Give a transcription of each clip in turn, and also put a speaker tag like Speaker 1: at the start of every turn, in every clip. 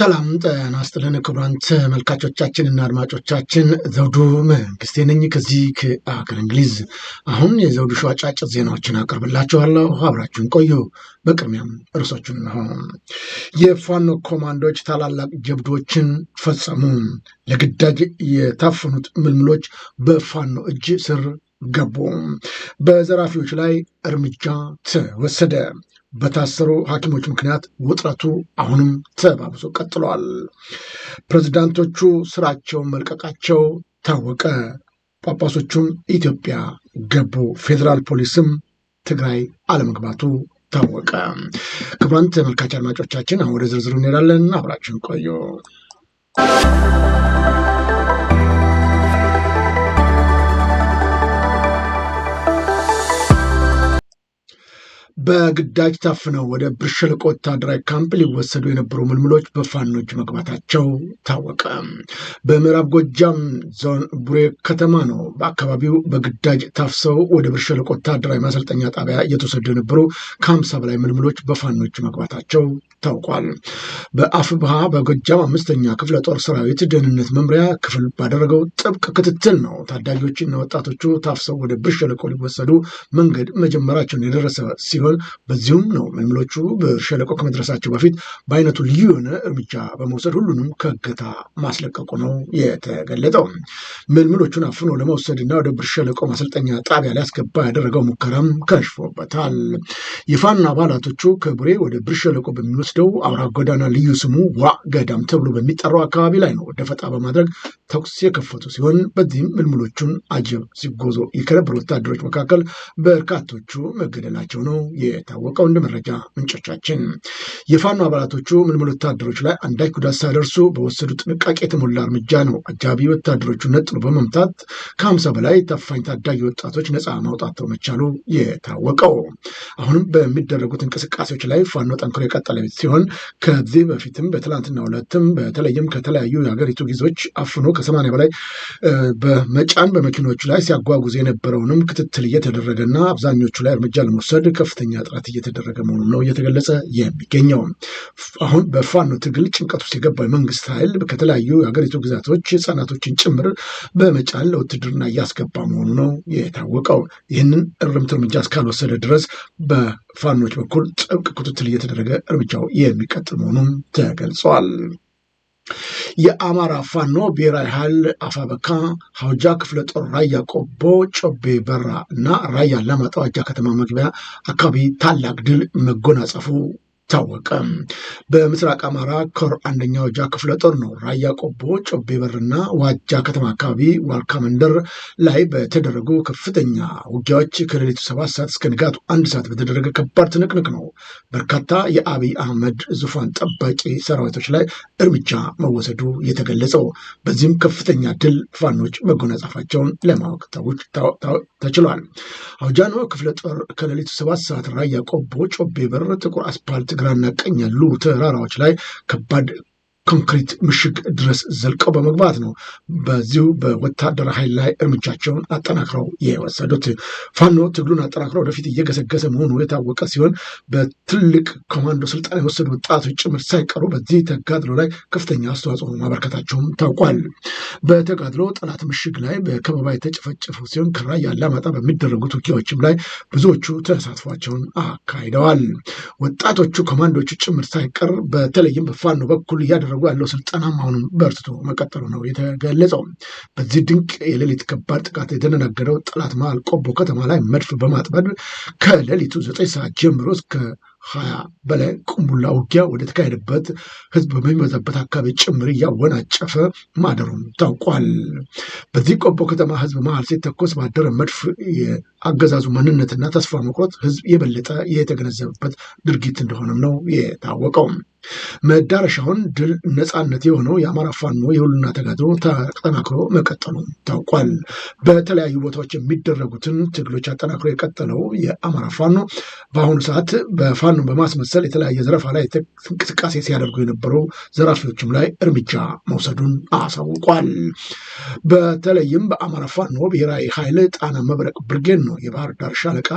Speaker 1: ሰላም ጤና ይስጥልን ክቡራን እና አድማጮቻችን ዘውዱ መንግስቴ ነኝ ከዚህ ከአገር እንግሊዝ። አሁን የዘውዱ ሾው አጫጭር ዜናዎችን አቀርብላችኋለሁ፣ አብራችሁን ቆዩ። በቅድሚያም እርሶቹን ነው። የፋኖ ኮማንዶዎች ታላላቅ ጀብዶችን ፈጸሙ። ለግዳጅ የታፈኑት ምልምሎች በፋኖ እጅ ስር ገቡ። በዘራፊዎች ላይ እርምጃ ተወሰደ። በታሰሩ ሐኪሞች ምክንያት ውጥረቱ አሁንም ተባብሶ ቀጥሏል። ፕሬዚዳንቶቹ ስራቸውን መልቀቃቸው ታወቀ። ጳጳሶቹም ኢትዮጵያ ገቡ። ፌዴራል ፖሊስም ትግራይ አለመግባቱ ታወቀ። ክቡራን ተመልካች አድማጮቻችን፣ አሁን ወደ ዝርዝሩ እንሄዳለን። አብራችን ቆዩ። በግዳጅ ታፍነው ወደ ብርሸለቆ ወታደራዊ ካምፕ ሊወሰዱ የነበሩ ምልምሎች በፋኖች መግባታቸው ታወቀ። በምዕራብ ጎጃም ዞን ቡሬ ከተማ ነው። በአካባቢው በግዳጅ ታፍሰው ወደ ብርሸለቆ ወታደራዊ ማሰልጠኛ ጣቢያ እየተወሰዱ የነበሩ ከሀምሳ በላይ ምልምሎች በፋኖች መግባታቸው ታውቋል። በአፍብሃ በጎጃም አምስተኛ ክፍለ ጦር ሰራዊት ደህንነት መምሪያ ክፍል ባደረገው ጥብቅ ክትትል ነው ታዳጊዎችና ወጣቶቹ ታፍሰው ወደ ብርሸለቆ ሊወሰዱ መንገድ መጀመራቸውን የደረሰ ሲሆን በዚሁም ነው ምልምሎቹ በሸለቆ ከመድረሳቸው በፊት በአይነቱ ልዩ የሆነ እርምጃ በመውሰድ ሁሉንም ከእገታ ማስለቀቁ ነው የተገለጠው። ምልምሎቹን አፍኖ ለመውሰድና ወደ ብር ሸለቆ ማሰልጠኛ ጣቢያ ሊያስገባ ያደረገው ሙከራም ከሽፎበታል። የፋኖ አባላቶቹ ከቡሬ ወደ ብር ሸለቆ በሚወስደው አውራ ጎዳና ልዩ ስሙ ዋ ገዳም ተብሎ በሚጠራው አካባቢ ላይ ነው ደፈጣ በማድረግ ተኩስ የከፈቱ ሲሆን በዚህም ምልምሎቹን አጀብ ሲጎዞ የከረበሩ ወታደሮች መካከል በርካቶቹ መገደላቸው ነው የታወቀው እንደ መረጃ ምንጮቻችን የፋኖ አባላቶቹ ምልምል ወታደሮች ላይ አንዳች ጉዳት ሳይደርሱ በወሰዱ ጥንቃቄ የተሞላ እርምጃ ነው አጃቢ ወታደሮቹ ነጥሎ በመምታት ከሀምሳ በላይ ታፋኝ ታዳጊ ወጣቶች ነፃ ማውጣት መቻሉ የታወቀው። አሁንም በሚደረጉት እንቅስቃሴዎች ላይ ፋኖ ጠንክሮ የቀጠለ ሲሆን ከዚህ በፊትም በትላንትና ሁለትም በተለይም ከተለያዩ የሀገሪቱ ጊዜዎች አፍኖ ከሰማንያ በላይ በመጫን በመኪኖች ላይ ሲያጓጉዝ የነበረውንም ክትትል እየተደረገና አብዛኞቹ ላይ እርምጃ ለመውሰድ ከፍተኛ ከፍተኛ ጥረት እየተደረገ መሆኑን ነው እየተገለጸ የሚገኘው። አሁን በፋኖ ትግል ጭንቀት ውስጥ የገባው የመንግስት ኃይል ከተለያዩ የሀገሪቱ ግዛቶች ህጻናቶችን ጭምር በመጫን ለውትድርና እያስገባ መሆኑ ነው የታወቀው። ይህንን እርምት እርምጃ እስካልወሰደ ድረስ በፋኖች በኩል ጥብቅ ክትትል እየተደረገ እርምጃው የሚቀጥል መሆኑም ተገልጿል። የአማራ ፋኖ ብሔራዊ ኃይል አፋበካ ሀውጃ ክፍለ ጦር ራያ ቆቦ ጮቤ በራ እና ራያ ላማጣ ዋጃ ከተማ መግቢያ አካባቢ ታላቅ ድል መጎናጸፉ ታወቀ። በምስራቅ አማራ ኮር አንደኛው ወጃ ክፍለ ጦር ነው ራያ ቆቦ ጮቤ በርና ዋጃ ከተማ አካባቢ ዋልካ መንደር ላይ በተደረጉ ከፍተኛ ውጊያዎች ከሌሊቱ ሰባት ሰዓት እስከ ንጋቱ አንድ ሰዓት በተደረገ ከባድ ትንቅንቅ ነው በርካታ የአብይ አህመድ ዙፋን ጠባቂ ሰራዊቶች ላይ እርምጃ መወሰዱ የተገለጸው። በዚህም ከፍተኛ ድል ፋኖች መጎናጸፋቸውን ለማወቅ ተችሏል። አውጃኖ ክፍለ ጦር ከሌሊቱ ሰባት ሰዓት ራያ ቆቦ ጮቤ በር ጥቁር አስፓልት ግራና ቀኝ ያሉ ተራራዎች ላይ ከባድ ኮንክሪት ምሽግ ድረስ ዘልቀው በመግባት ነው በዚሁ በወታደር ኃይል ላይ እርምጃቸውን አጠናክረው የወሰዱት። ፋኖ ትግሉን አጠናክረው ወደፊት እየገሰገሰ መሆኑ የታወቀ ሲሆን በትልቅ ኮማንዶ ስልጣን የወሰዱ ወጣቶች ጭምር ሳይቀሩ በዚህ ተጋድሎ ላይ ከፍተኛ አስተዋጽኦ ማበርከታቸውም ታውቋል። በተጋድሎ ጠላት ምሽግ ላይ በከበባ የተጨፈጨፉ ሲሆን ከራያ አላማጣ በሚደረጉት ውጊያዎችም ላይ ብዙዎቹ ተሳትፏቸውን አካሂደዋል። ወጣቶቹ ኮማንዶቹ ጭምር ሳይቀር በተለይም በፋኖ በኩል እያደረጉ እያደረጉ ያለው ስልጠና አሁንም በርትቶ መቀጠሉ ነው የተገለጸው። በዚህ ድንቅ የሌሊት ከባድ ጥቃት የተደናገረው ጠላት መሃል ቆቦ ከተማ ላይ መድፍ በማጥመድ ከሌሊቱ ዘጠኝ ሰዓት ጀምሮ እስከ ሀያ በላይ ቁምቡላ ውጊያ ወደ ተካሄደበት ህዝብ በሚበዛበት አካባቢ ጭምር እያወናጨፈ ማደሩም ታውቋል። በዚህ ቆቦ ከተማ ህዝብ መሀል ሲተኮስ ባደረ መድፍ የአገዛዙ ማንነትና ተስፋ መቁረጥ ህዝብ የበለጠ የተገነዘበበት ድርጊት እንደሆነም ነው የታወቀው። መዳረሻውን ድል ነፃነት የሆነው የአማራ ፋኖ የሁሉና ተጋድሎ ተጠናክሮ መቀጠሉ ታውቋል። በተለያዩ ቦታዎች የሚደረጉትን ትግሎች አጠናክሮ የቀጠለው የአማራ ፋኖ በአሁኑ ሰዓት በፋኖ በማስመሰል የተለያየ ዘረፋ ላይ እንቅስቃሴ ሲያደርጉ የነበሩ ዘራፊዎችም ላይ እርምጃ መውሰዱን አሳውቋል። በተለይም በአማራ ፋኖ ብሔራዊ ኃይል ጣና መብረቅ ብርጌን ነው የባህር ዳር ሻለቃ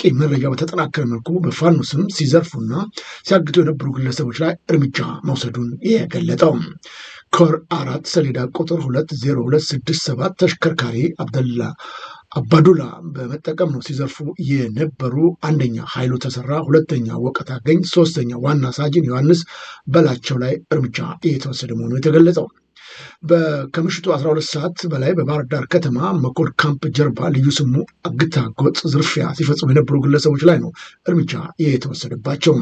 Speaker 1: በቂ መረጃ በተጠናከረ መልኩ በፋኖ ስም ሲዘርፉና ሲያግቱ የነበሩ ግለሰቦች ላይ እርምጃ መውሰዱን የገለጠው ኮር አራት ሰሌዳ ቁጥር 20267 ተሽከርካሪ አብደላ አባዱላ በመጠቀም ነው ሲዘርፉ የነበሩ። አንደኛ ኃይሉ ተሰራ፣ ሁለተኛ ወቀት አገኝ፣ ሶስተኛ ዋና ሳጅን ዮሐንስ በላቸው ላይ እርምጃ የተወሰደ መሆኑ የተገለጸው ከምሽቱ 12 ሰዓት በላይ በባህር ዳር ከተማ መኮድ ካምፕ ጀርባ ልዩ ስሙ አግታጎጥ ዝርፊያ ሲፈጽሙ የነበሩ ግለሰቦች ላይ ነው እርምጃ የተወሰደባቸው።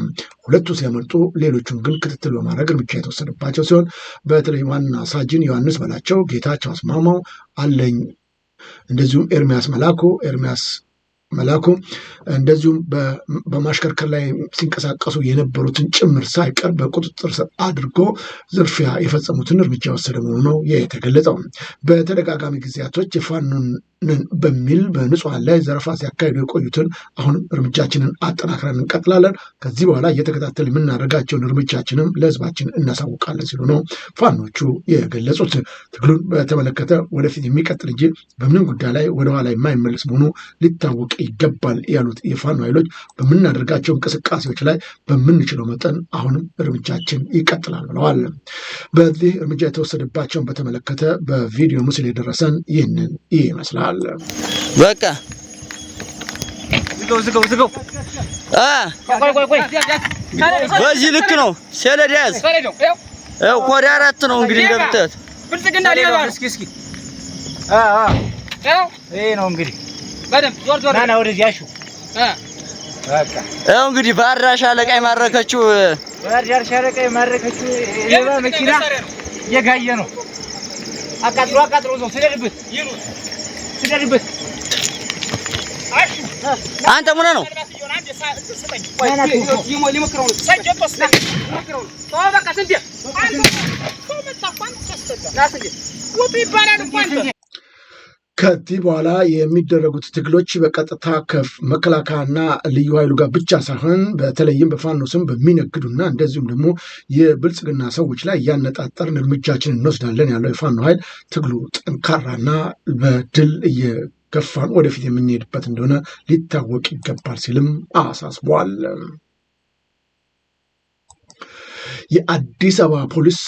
Speaker 1: ሁለቱ ሲያመልጡ፣ ሌሎቹን ግን ክትትል በማድረግ እርምጃ የተወሰደባቸው ሲሆን በተለይ ዋና ሳጅን ዮሐንስ በላቸው፣ ጌታቸው አስማማው አለኝ፣ እንደዚሁም ኤርሚያስ መላኩ ኤርሚያስ መላኩ እንደዚሁም በማሽከርከር ላይ ሲንቀሳቀሱ የነበሩትን ጭምር ሳይቀር በቁጥጥር ስር አድርጎ ዝርፊያ የፈጸሙትን እርምጃ የወሰደ መሆኑ ነው የተገለጸው። በተደጋጋሚ ጊዜያቶች የፋኑን በሚል በንጹሐን ላይ ዘረፋ ሲያካሂዱ የቆዩትን አሁንም እርምጃችንን አጠናክረን እንቀጥላለን። ከዚህ በኋላ እየተከታተል የምናደርጋቸውን እርምጃችንም ለህዝባችን እናሳውቃለን ሲሉ ነው ፋኖቹ የገለጹት። ትግሉን በተመለከተ ወደፊት የሚቀጥል እንጂ በምንም ጉዳይ ላይ ወደኋላ የማይመለስ መሆኑ ሊታወቅ ይገባል ያሉት የፋኖ ኃይሎች በምናደርጋቸው እንቅስቃሴዎች ላይ በምንችለው መጠን አሁንም እርምጃችን ይቀጥላል ብለዋል። በዚህ እርምጃ የተወሰደባቸውን በተመለከተ በቪዲዮ ምስል የደረሰን ይህንን ይመስላል። አለ።
Speaker 2: በቃ በዚህ ልክ ነው። ሰሌዳ ያዝ። ያው ኮዳ አራት ነው እንግዲህ
Speaker 3: እንደምታዩት ብልጽግና
Speaker 2: እንግዲህ ባህር ዳር ሻለቃ የማረከችው
Speaker 3: ባህር ዳር የማረከችው የባ መኪና የጋየ ነው። አቃጥሎ አቃጥሎ ነው ስለልብት
Speaker 2: An ta muna no?
Speaker 3: Ko bi bara da kwanta.
Speaker 1: ከዚህ በኋላ የሚደረጉት ትግሎች በቀጥታ ከመከላከያና ልዩ ኃይሉ ጋር ብቻ ሳይሆን በተለይም በፋኖ ስም በሚነግዱና እንደዚሁም ደግሞ የብልጽግና ሰዎች ላይ እያነጣጠርን እርምጃችን እንወስዳለን ያለው የፋኖ ኃይል ትግሉ ጠንካራና በድል እየገፋን ወደፊት የምንሄድበት እንደሆነ ሊታወቅ ይገባል ሲልም አሳስቧል። የአዲስ አበባ ፖሊስ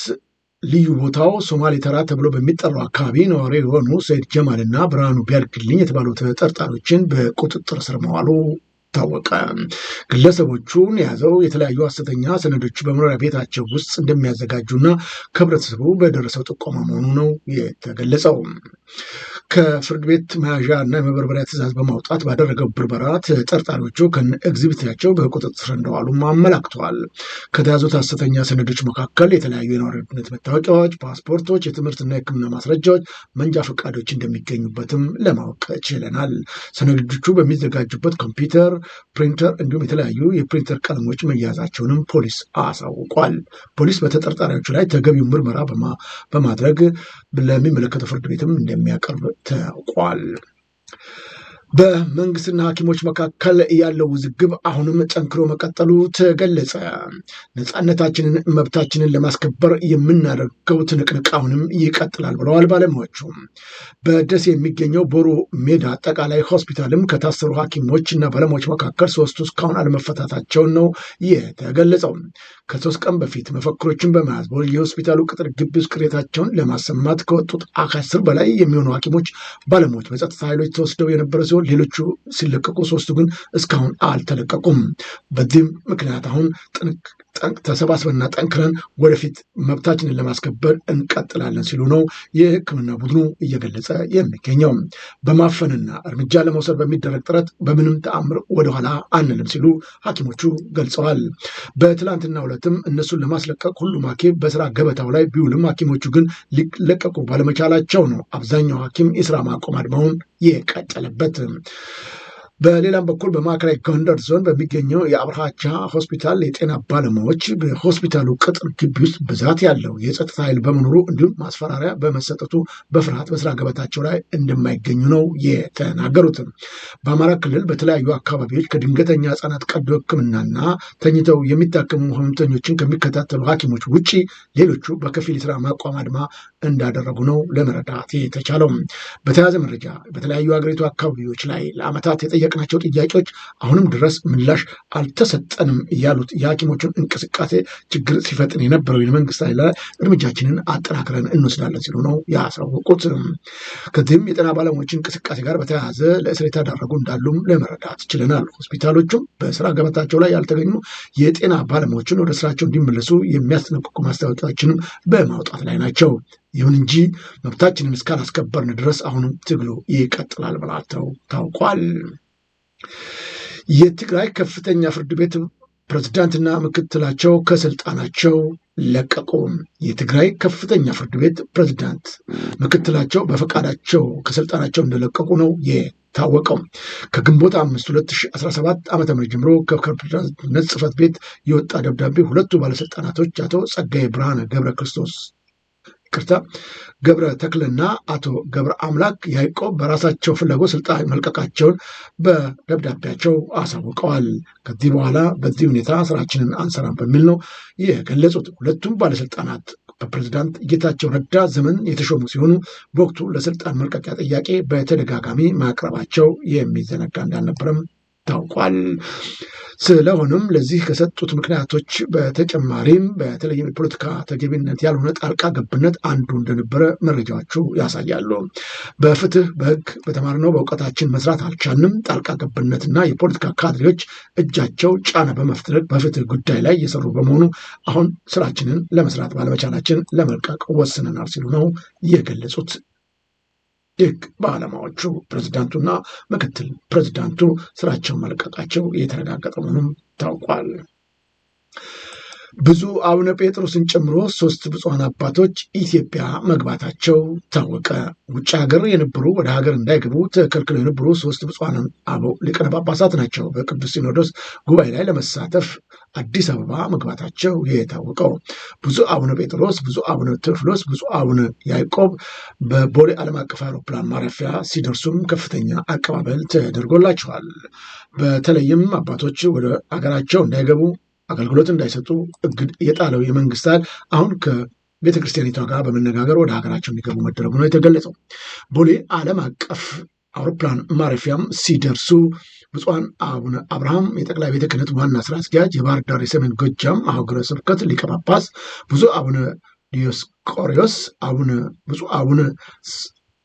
Speaker 1: ልዩ ቦታው ሶማሌ ተራ ተብሎ በሚጠራው አካባቢ ነዋሪ የሆኑ ሰይድ ጀማል እና ብርሃኑ ቢያልግልኝ የተባሉ ተጠርጣሪዎችን በቁጥጥር ስር መዋሉ ታወቀ። ግለሰቦቹን የያዘው የተለያዩ ሐሰተኛ ሰነዶች በመኖሪያ ቤታቸው ውስጥ እንደሚያዘጋጁና ከህብረተሰቡ በደረሰው ጥቆማ መሆኑ ነው የተገለጸው። ከፍርድ ቤት መያዣ እና የመበርበሪያ ትእዛዝ በማውጣት ባደረገው ብርበራ ተጠርጣሪዎቹ ከነ በቁጥጥር ስር እንደዋሉም አመላክተዋል። ከተያዙት ሐሰተኛ ሰነዶች መካከል የተለያዩ የነዋሪነት መታወቂያዎች፣ ፓስፖርቶች፣ የትምህርትና የሕክምና ማስረጃዎች፣ መንጃ ፈቃዶች እንደሚገኙበትም ለማወቅ ችለናል። ሰነዶቹ በሚዘጋጁበት ኮምፒውተር፣ ፕሪንተር እንዲሁም የተለያዩ የፕሪንተር ቀለሞች መያዛቸውንም ፖሊስ አሳውቋል። ፖሊስ በተጠርጣሪዎቹ ላይ ተገቢው ምርመራ በማድረግ ለሚመለከተው ፍርድ ቤትም እንደሚያቀርብ ታውቋል። በመንግስትና ሐኪሞች መካከል ያለው ውዝግብ አሁንም ጠንክሮ መቀጠሉ ተገለጸ። ነፃነታችንን መብታችንን ለማስከበር የምናደርገው ትንቅንቅ አሁንም ይቀጥላል ብለዋል ባለሙያዎቹ። በደሴ የሚገኘው ቦሮ ሜዳ አጠቃላይ ሆስፒታልም ከታሰሩ ሐኪሞች እና ባለሙያዎች መካከል ሶስቱ እስካሁን አለመፈታታቸውን ነው የተገለጸው። ከሶስት ቀን በፊት መፈክሮችን በመያዝ ሆስፒታሉ ቅጥር ግቢ ውስጥ ቅሬታቸውን ለማሰማት ከወጡት አስር በላይ የሚሆኑ ሐኪሞች ባለሙያዎች በጸጥታ ኃይሎች ተወስደው የነበረ ሲሆን ሌሎቹ ሲለቀቁ ሶስቱ ግን እስካሁን አልተለቀቁም። በዚህም ምክንያት አሁን ተሰባስበንና ጠንክረን ወደፊት መብታችንን ለማስከበር እንቀጥላለን ሲሉ ነው የሕክምና ቡድኑ እየገለጸ የሚገኘው። በማፈንና እርምጃ ለመውሰድ በሚደረግ ጥረት በምንም ተአምር ወደኋላ አንልም ሲሉ ሐኪሞቹ ገልጸዋል። በትላንትና ዕለትም እነሱን ለማስለቀቅ ሁሉም ሐኪም በስራ ገበታው ላይ ቢውልም ሐኪሞቹ ግን ሊለቀቁ ባለመቻላቸው ነው አብዛኛው ሐኪም የስራ ማቆም አድማውን የቀጠለበት። በሌላም በኩል በማዕከላዊ ጎንደር ዞን በሚገኘው የአብርሃቻ ሆስፒታል የጤና ባለሙያዎች በሆስፒታሉ ቅጥር ግቢ ውስጥ ብዛት ያለው የጸጥታ ኃይል በመኖሩ እንዲሁም ማስፈራሪያ በመሰጠቱ በፍርሃት በስራ ገበታቸው ላይ እንደማይገኙ ነው የተናገሩትም። በአማራ ክልል በተለያዩ አካባቢዎች ከድንገተኛ ህጻናት ቀዶ ህክምናና ተኝተው የሚታከሙ ህመምተኞችን ከሚከታተሉ ሐኪሞች ውጭ ሌሎቹ በከፊል የስራ ማቋም አድማ እንዳደረጉ ነው ለመረዳት የተቻለው። በተያያዘ መረጃ በተለያዩ ሀገሪቱ አካባቢዎች ላይ ለአመታት የጠየቀ ለጠየቅናቸው ጥያቄዎች አሁንም ድረስ ምላሽ አልተሰጠንም ያሉት የሐኪሞችን እንቅስቃሴ ችግር ሲፈጥን የነበረው የመንግስት ኃይል ላይ እርምጃችንን አጠናክረን እንወስዳለን ሲሉ ነው ያሳወቁት። ከዚህም የጤና ባለሙያዎች እንቅስቃሴ ጋር በተያያዘ ለእስር የተዳረጉ እንዳሉም ለመረዳት ችለናል። ሆስፒታሎቹም በስራ ገበታቸው ላይ ያልተገኙ የጤና ባለሙያዎችን ወደ ስራቸው እንዲመለሱ የሚያስጠነቅቁ ማስታወቂያዎችንም በማውጣት ላይ ናቸው። ይሁን እንጂ መብታችንን እስካላስከበርን ድረስ አሁንም ትግሉ ይቀጥላል ብላተው ታውቋል። የትግራይ ከፍተኛ ፍርድ ቤት ፕሬዝዳንትና ምክትላቸው ከስልጣናቸው ለቀቁ። የትግራይ ከፍተኛ ፍርድ ቤት ፕሬዝዳንት ምክትላቸው በፈቃዳቸው ከስልጣናቸው እንደለቀቁ ነው የታወቀው። ከግንቦት አምስት 2017 ዓ ም ጀምሮ ከፕሬዝዳንትነት ጽህፈት ቤት የወጣ ደብዳቤ ሁለቱ ባለስልጣናቶች አቶ ጸጋዬ ብርሃነ ገብረ ክርስቶስ ቅርታ ገብረ ተክልና አቶ ገብረ አምላክ ያዕቆብ በራሳቸው ፍላጎት ስልጣን መልቀቃቸውን በደብዳቤያቸው አሳውቀዋል። ከዚህ በኋላ በዚህ ሁኔታ ስራችንን አንሰራም በሚል ነው የገለጹት። ሁለቱም ባለስልጣናት በፕሬዝዳንት ጌታቸው ረዳ ዘመን የተሾሙ ሲሆኑ በወቅቱ ለስልጣን መልቀቂያ ጥያቄ በተደጋጋሚ ማቅረባቸው የሚዘነጋ እንዳልነበረም ታውቋል። ስለሆነም ለዚህ ከሰጡት ምክንያቶች በተጨማሪም በተለይም የፖለቲካ ተገቢነት ያልሆነ ጣልቃ ገብነት አንዱ እንደነበረ መረጃዎቹ ያሳያሉ። በፍትህ በህግ በተማርነው በእውቀታችን መስራት አልቻንም። ጣልቃ ገብነትና የፖለቲካ ካድሬዎች እጃቸው ጫና በመፍጠር በፍትህ ጉዳይ ላይ እየሰሩ በመሆኑ አሁን ስራችንን ለመስራት ባለመቻላችን ለመልቀቅ ወስነናል ሲሉ ነው የገለጹት። ህግ ባለሙያዎቹ ፕሬዝዳንቱና ምክትል ፕሬዝዳንቱ ስራቸውን መለቀቃቸው የተረጋገጠ መሆኑም ታውቋል። ብዙ አቡነ ጴጥሮስን ጨምሮ ሶስት ብፁዓን አባቶች ኢትዮጵያ መግባታቸው ታወቀ። ውጭ ሀገር የነበሩ ወደ ሀገር እንዳይገቡ ተከልክለው የነበሩ ሶስት ብፁዓን አበው ሊቃነ ጳጳሳት ናቸው በቅዱስ ሲኖዶስ ጉባኤ ላይ ለመሳተፍ አዲስ አበባ መግባታቸው የታወቀው። ብፁዕ አቡነ ጴጥሮስ፣ ብፁዕ አቡነ ቴዎፍሎስ፣ ብፁዕ አቡነ ያዕቆብ በቦሌ ዓለም አቀፍ አውሮፕላን ማረፊያ ሲደርሱም ከፍተኛ አቀባበል ተደርጎላቸዋል። በተለይም አባቶች ወደ አገራቸው እንዳይገቡ አገልግሎት እንዳይሰጡ እግድ የጣለው የመንግስት ኃይል አሁን ከቤተ ክርስቲያኒቷ ጋር በመነጋገር ወደ ሀገራቸው እንዲገቡ መደረጉ ነው የተገለጸው። ቦሌ ዓለም አቀፍ አውሮፕላን ማረፊያም ሲደርሱ ብፁዓን አቡነ አብርሃም የጠቅላይ ቤተ ክህነት ዋና ስራ አስኪያጅ፣ የባህር ዳር የሰሜን ጎጃም አህጉረ ስብከት ሊቀ ጳጳስ ብፁዕ አቡነ ዲዮስቆሪዮስ አቡነ ብፁዕ አቡነ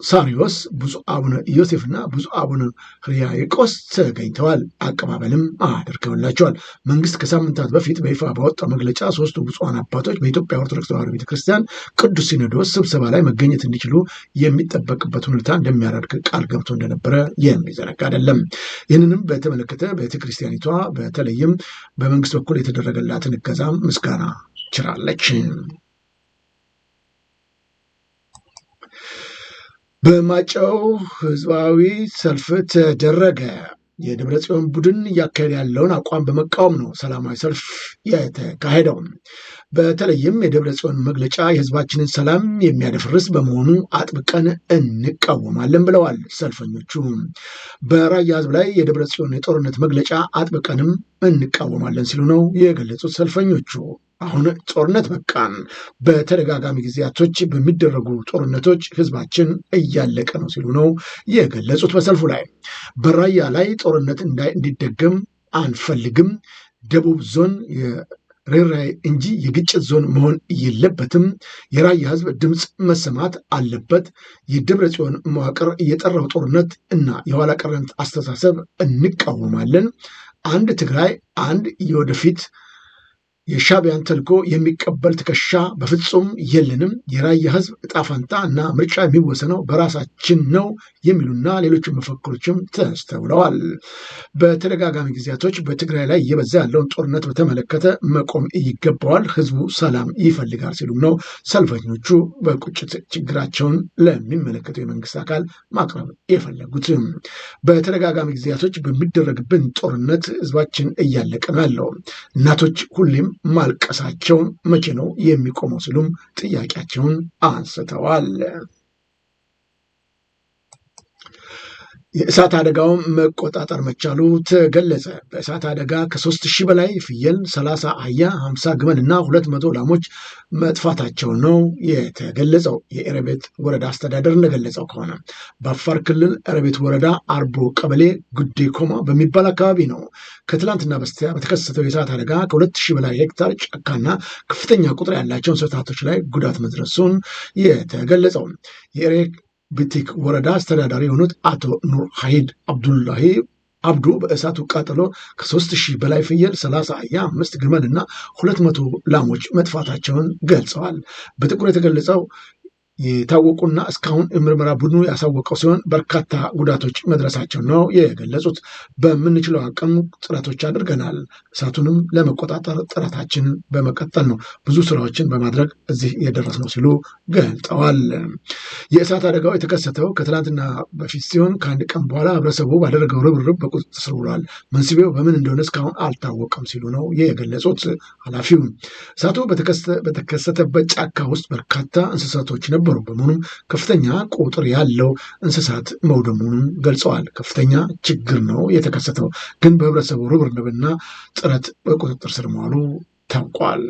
Speaker 1: ሳሪዮስ ብፁዕ አቡነ ዮሴፍና ብፁዕ አቡነ ሕርያቆስ ተገኝተዋል። አቀባበልም አድርገውላቸዋል። መንግስት ከሳምንታት በፊት በይፋ ባወጣው መግለጫ ሶስቱ ብፁዓን አባቶች በኢትዮጵያ ኦርቶዶክስ ተዋሕዶ ቤተክርስቲያን ቅዱስ ሲኖዶስ ስብሰባ ላይ መገኘት እንዲችሉ የሚጠበቅበት ሁኔታ እንደሚያደርግ ቃል ገብቶ እንደነበረ የሚዘነጋ አይደለም። ይህንንም በተመለከተ ቤተክርስቲያኒቷ በተለይም በመንግስት በኩል የተደረገላትን እገዛም ምስጋና ችራለች። በማጨው ህዝባዊ ሰልፍ ተደረገ። የደብረ ጽዮን ቡድን እያካሄደ ያለውን አቋም በመቃወም ነው ሰላማዊ ሰልፍ የተካሄደው። በተለይም የደብረ ጽዮን መግለጫ የህዝባችንን ሰላም የሚያደፍርስ በመሆኑ አጥብቀን እንቃወማለን ብለዋል ሰልፈኞቹ። በራያ ህዝብ ላይ የደብረ ጽዮን የጦርነት መግለጫ አጥብቀንም እንቃወማለን ሲሉ ነው የገለጹት ሰልፈኞቹ። አሁን ጦርነት በቃን። በተደጋጋሚ ጊዜያቶች በሚደረጉ ጦርነቶች ህዝባችን እያለቀ ነው ሲሉ ነው የገለጹት። በሰልፉ ላይ በራያ ላይ ጦርነት እንዲደገም አንፈልግም። ደቡብ ዞን ሬራይ እንጂ የግጭት ዞን መሆን የለበትም። የራያ ህዝብ ድምፅ መሰማት አለበት። የደብረ ጽዮን መዋቅር የጠራው ጦርነት እና የኋላ ቀርነት አስተሳሰብ እንቃወማለን። አንድ ትግራይ፣ አንድ የወደፊት የሻቢያን ተልኮ የሚቀበል ትከሻ በፍጹም የለንም። የራያ ህዝብ እጣ እና ምርጫ የሚወሰነው በራሳችን ነው የሚሉና ሌሎች መፈክሮችም ተስተውለዋል። በተደጋጋሚ ጊዜያቶች በትግራይ ላይ እየበዛ ያለውን ጦርነት በተመለከተ መቆም ይገባዋል፣ ህዝቡ ሰላም ይፈልጋል ሲሉም ነው ሰልፈኞቹ በቁጭት ችግራቸውን ለሚመለከተው የመንግስት አካል ማቅረብ የፈለጉት። በተደጋጋሚ ጊዜያቶች በሚደረግብን ጦርነት ህዝባችን እያለቀ ነው ያለው እናቶች ሁሌም ማልቀሳቸው መቼ ነው የሚቆመው? ሲሉም ጥያቄያቸውን አንስተዋል። የእሳት አደጋውን መቆጣጠር መቻሉ ተገለጸ። በእሳት አደጋ ከሶስት ሺህ በላይ ፍየል፣ ሰላሳ አህያ፣ ሀምሳ ግመን እና ሁለት መቶ ላሞች መጥፋታቸው ነው የተገለጸው። የኤረቤት ወረዳ አስተዳደር እንደገለጸው ከሆነ በአፋር ክልል ኤረቤት ወረዳ አርቦ ቀበሌ ጉዴ ኮማ በሚባል አካባቢ ነው ከትላንትና በስቲያ በተከሰተው የእሳት አደጋ ከሁለት ሺህ በላይ ሄክታር ጫካና ከፍተኛ ቁጥር ያላቸው እንስሳቶች ላይ ጉዳት መድረሱን የተገለጸው ብቲክ ወረዳ አስተዳዳሪ የሆኑት አቶ ኑር ሀይድ አብዱላሂ አብዱ በእሳቱ ቃጠሎ ከሦስት ሺህ በላይ ፍየል፣ ሰላሳ የአምስት ግመል እና ሁለት መቶ ላሞች መጥፋታቸውን ገልጸዋል። በጥቁር የተገለጸው የታወቁና እስካሁን የምርመራ ቡድኑ ያሳወቀው ሲሆን በርካታ ጉዳቶች መድረሳቸው ነው የገለጹት። በምንችለው አቅም ጥረቶች አድርገናል። እሳቱንም ለመቆጣጠር ጥረታችን በመቀጠል ነው። ብዙ ስራዎችን በማድረግ እዚህ የደረስ ነው ሲሉ ገልጠዋል። የእሳት አደጋው የተከሰተው ከትላንትና በፊት ሲሆን ከአንድ ቀን በኋላ ህብረተሰቡ ባደረገው ርብርብ በቁጥጥር ስር ውሏል። መንስኤው በምን እንደሆነ እስካሁን አልታወቀም ሲሉ ነው የገለጹት ኃላፊው። እሳቱ በተከሰተበት ጫካ ውስጥ በርካታ እንስሳቶች ነበሩ የተቀበሩ በመሆኑም ከፍተኛ ቁጥር ያለው እንስሳት መውደሙንም ገልጸዋል። ከፍተኛ ችግር ነው የተከሰተው፣ ግን በህብረተሰቡ ርብርብና ጥረት በቁጥጥር ስር መዋሉ ታውቋል።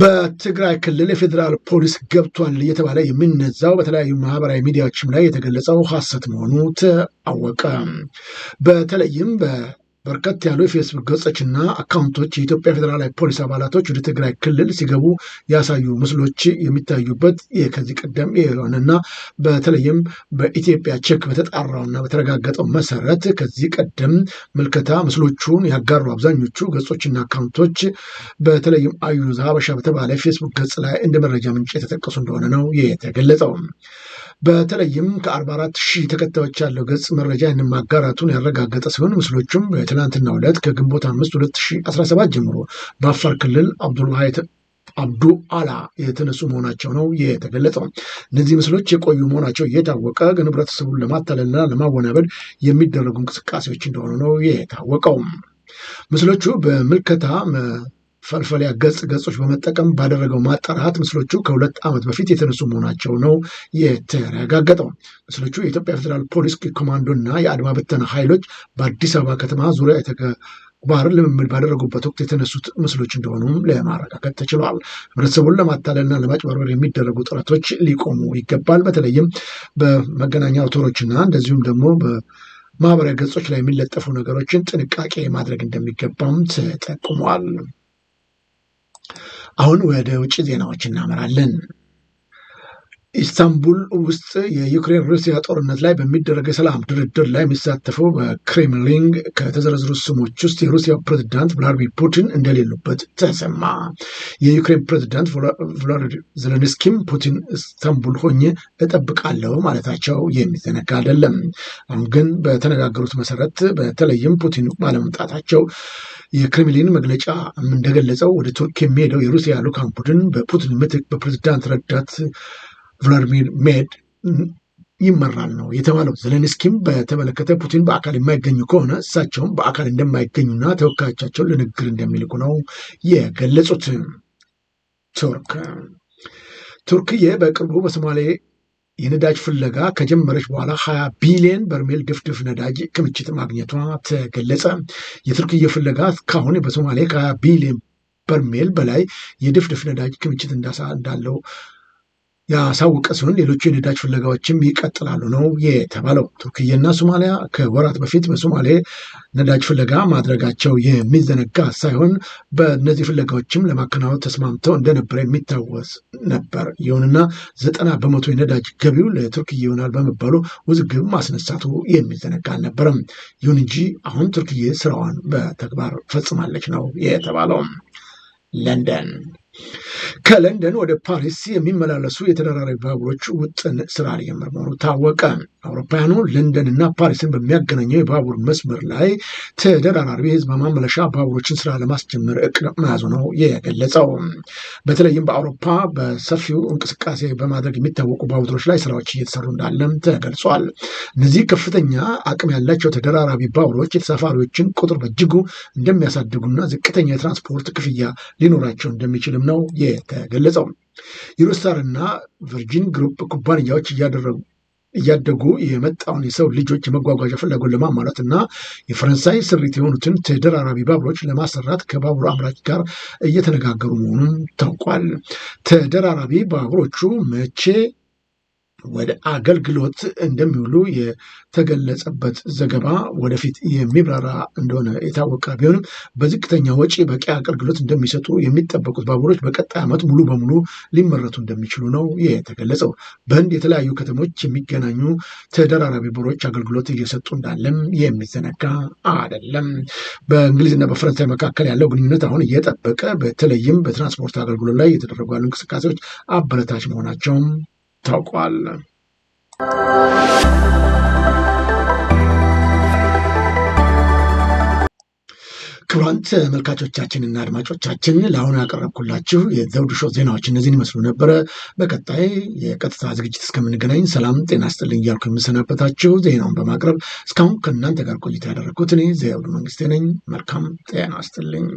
Speaker 1: በትግራይ ክልል የፌዴራል ፖሊስ ገብቷል እየተባለ የሚነዛው በተለያዩ ማህበራዊ ሚዲያዎችም ላይ የተገለጸው ሐሰት መሆኑ ተአወቀ። በተለይም በርከት ያሉ የፌስቡክ ገጾችና አካውንቶች የኢትዮጵያ ፌዴራላዊ ፖሊስ አባላቶች ወደ ትግራይ ክልል ሲገቡ ያሳዩ ምስሎች የሚታዩበት ከዚህ ቀደም የሆነና በተለይም በኢትዮጵያ ቼክ በተጣራውና በተረጋገጠው መሰረት ከዚህ ቀደም ምልከታ ምስሎቹን ያጋሩ አብዛኞቹ ገጾችና አካውንቶች በተለይም አዩዝ ሀበሻ በተባለ ፌስቡክ ገጽ ላይ እንደ መረጃ ምንጭ የተጠቀሱ እንደሆነ ነው የተገለጸው። በተለይም ከ44 ሺህ ተከታዮች ያለው ገጽ መረጃ ማጋራቱን ያረጋገጠ ሲሆን ምስሎቹም በትናንትናው ዕለት ከግንቦት አምስት 2017 ጀምሮ በአፋር ክልል አብዱላ አብዱ አላ የተነሱ መሆናቸው ነው የተገለጸው። እነዚህ ምስሎች የቆዩ መሆናቸው እየታወቀ ግን ህብረተሰቡን ለማታለልና ለማወናበድ የሚደረጉ እንቅስቃሴዎች እንደሆኑ ነው የታወቀው። ምስሎቹ በምልከታ ፈልፈሊያ ገጽ ገጾች በመጠቀም ባደረገው ማጣራት ምስሎቹ ከሁለት ዓመት በፊት የተነሱ መሆናቸው ነው የተረጋገጠው። ምስሎቹ የኢትዮጵያ ፌዴራል ፖሊስ ኮማንዶ እና የአድማ ብተና ኃይሎች በአዲስ አበባ ከተማ ዙሪያ የተግባር ልምምድ ባደረጉበት ወቅት የተነሱት ምስሎች እንደሆኑም ለማረጋገጥ ተችሏል። ህብረተሰቡን ለማታለልና ለማጭበርበር የሚደረጉ ጥረቶች ሊቆሙ ይገባል። በተለይም በመገናኛ አውታሮችና እንደዚሁም ደግሞ በማህበራዊ ገጾች ላይ የሚለጠፉ ነገሮችን ጥንቃቄ ማድረግ እንደሚገባም ተጠቁሟል። አሁን ወደ ውጭ ዜናዎች እናመራለን። ኢስታንቡል ውስጥ የዩክሬን ሩሲያ ጦርነት ላይ በሚደረግ የሰላም ድርድር ላይ የሚሳተፈው በክሬምሊን ከተዘረዝሩ ስሞች ውስጥ የሩሲያ ፕሬዝዳንት ቭላዲሚር ፑቲን እንደሌሉበት ተሰማ። የዩክሬን ፕሬዝዳንት ቮሎዲሚር ዘለንስኪም ፑቲን ኢስታንቡል ሆኜ እጠብቃለሁ ማለታቸው የሚዘነጋ አይደለም። አሁን ግን በተነጋገሩት መሰረት በተለይም ፑቲን ባለመምጣታቸው የክሬምሊን መግለጫ እንደገለጸው ወደ ቱርክ የሚሄደው የሩሲያ ልዑካን ቡድን በፑቲን ምትክ በፕሬዚዳንት ረዳት ቭላዲሚር ሜድ ይመራል ነው የተባለው። ዘለንስኪም በተመለከተ ፑቲን በአካል የማይገኙ ከሆነ እሳቸውም በአካል እንደማይገኙና ተወካዮቻቸውን ለንግግር እንደሚልቁ ነው የገለጹት። ቱርክ ቱርክዬ በቅርቡ በሶማሌ የነዳጅ ፍለጋ ከጀመረች በኋላ ሀያ ቢሊዮን በርሜል ድፍድፍ ነዳጅ ክምችት ማግኘቷ ተገለጸ። የቱርክዬ ፍለጋ እስካሁን በሶማሌ ከሀያ ቢሊዮን በርሜል በላይ የድፍድፍ ነዳጅ ክምችት እንዳለው ያሳወቀ ሲሆን ሌሎቹ የነዳጅ ፍለጋዎችም ይቀጥላሉ ነው የተባለው። ቱርክያና ሶማሊያ ከወራት በፊት በሶማሌ ነዳጅ ፍለጋ ማድረጋቸው የሚዘነጋ ሳይሆን በእነዚህ ፍለጋዎችም ለማከናወን ተስማምተው እንደነበረ የሚታወስ ነበር። ይሁንና ዘጠና በመቶ የነዳጅ ገቢው ለቱርክ ይሆናል በመባሉ ውዝግብ ማስነሳቱ የሚዘነጋ አልነበረም። ይሁን እንጂ አሁን ቱርክዬ ስራዋን በተግባር ፈጽማለች ነው የተባለው። ለንደን ከለንደን ወደ ፓሪስ የሚመላለሱ የተደራራቢ ባቡሮች ውጥን ስራ ሊጀምር መሆኑ ታወቀ። አውሮፓውያኑ ለንደንና ፓሪስን በሚያገናኘው የባቡር መስመር ላይ ተደራራቢ የህዝብ ማመለሻ ባቡሮችን ስራ ለማስጀመር እቅድ መያዙ ነው የገለጸው። በተለይም በአውሮፓ በሰፊው እንቅስቃሴ በማድረግ የሚታወቁ ባቡሮች ላይ ስራዎች እየተሰሩ እንዳለም ተገልጿል። እነዚህ ከፍተኛ አቅም ያላቸው ተደራራቢ ባቡሮች የተሳፋሪዎችን ቁጥር በእጅጉ እንደሚያሳድጉና ዝቅተኛ የትራንስፖርት ክፍያ ሊኖራቸው እንደሚችልም ነው የተገለጸው። እና ቨርጂን ግሩፕ ኩባንያዎች እያደረጉ እያደጉ የመጣውን የሰው ልጆች የመጓጓዣ ፍላጎት ለማሟላት እና የፈረንሳይ ስሪት የሆኑትን ተደራራቢ ባቡሮች ለማሰራት ከባቡር አምራች ጋር እየተነጋገሩ መሆኑን ታውቋል። ተደራራቢ ባቡሮቹ መቼ ወደ አገልግሎት እንደሚውሉ የተገለጸበት ዘገባ ወደፊት የሚብራራ እንደሆነ የታወቀ ቢሆንም በዝቅተኛ ወጪ በቂ አገልግሎት እንደሚሰጡ የሚጠበቁት ባቡሮች በቀጣይ ዓመት ሙሉ በሙሉ ሊመረቱ እንደሚችሉ ነው የተገለጸው። በህንድ የተለያዩ ከተሞች የሚገናኙ ተደራራቢ ባቡሮች አገልግሎት እየሰጡ እንዳለም የሚዘነጋ አይደለም። በእንግሊዝና በፈረንሳይ መካከል ያለው ግንኙነት አሁን እየጠበቀ በተለይም በትራንስፖርት አገልግሎት ላይ የተደረጉ ያሉ እንቅስቃሴዎች አበረታች መሆናቸውም ታውቋል። ክቡራን ተመልካቾቻችንና አድማጮቻችን ለአሁን ያቀረብኩላችሁ የዘውዱ ሾው ዜናዎች እነዚህን ይመስሉ ነበረ። በቀጣይ የቀጥታ ዝግጅት እስከምንገናኝ ሰላም ጤና ስጥልኝ እያልኩ የምሰናበታችሁ ዜናውን በማቅረብ እስካሁን ከእናንተ ጋር ቆይታ ያደረግኩት እኔ ዘውዱ መንግስቴ ነኝ። መልካም ጤና ስጥልኝ።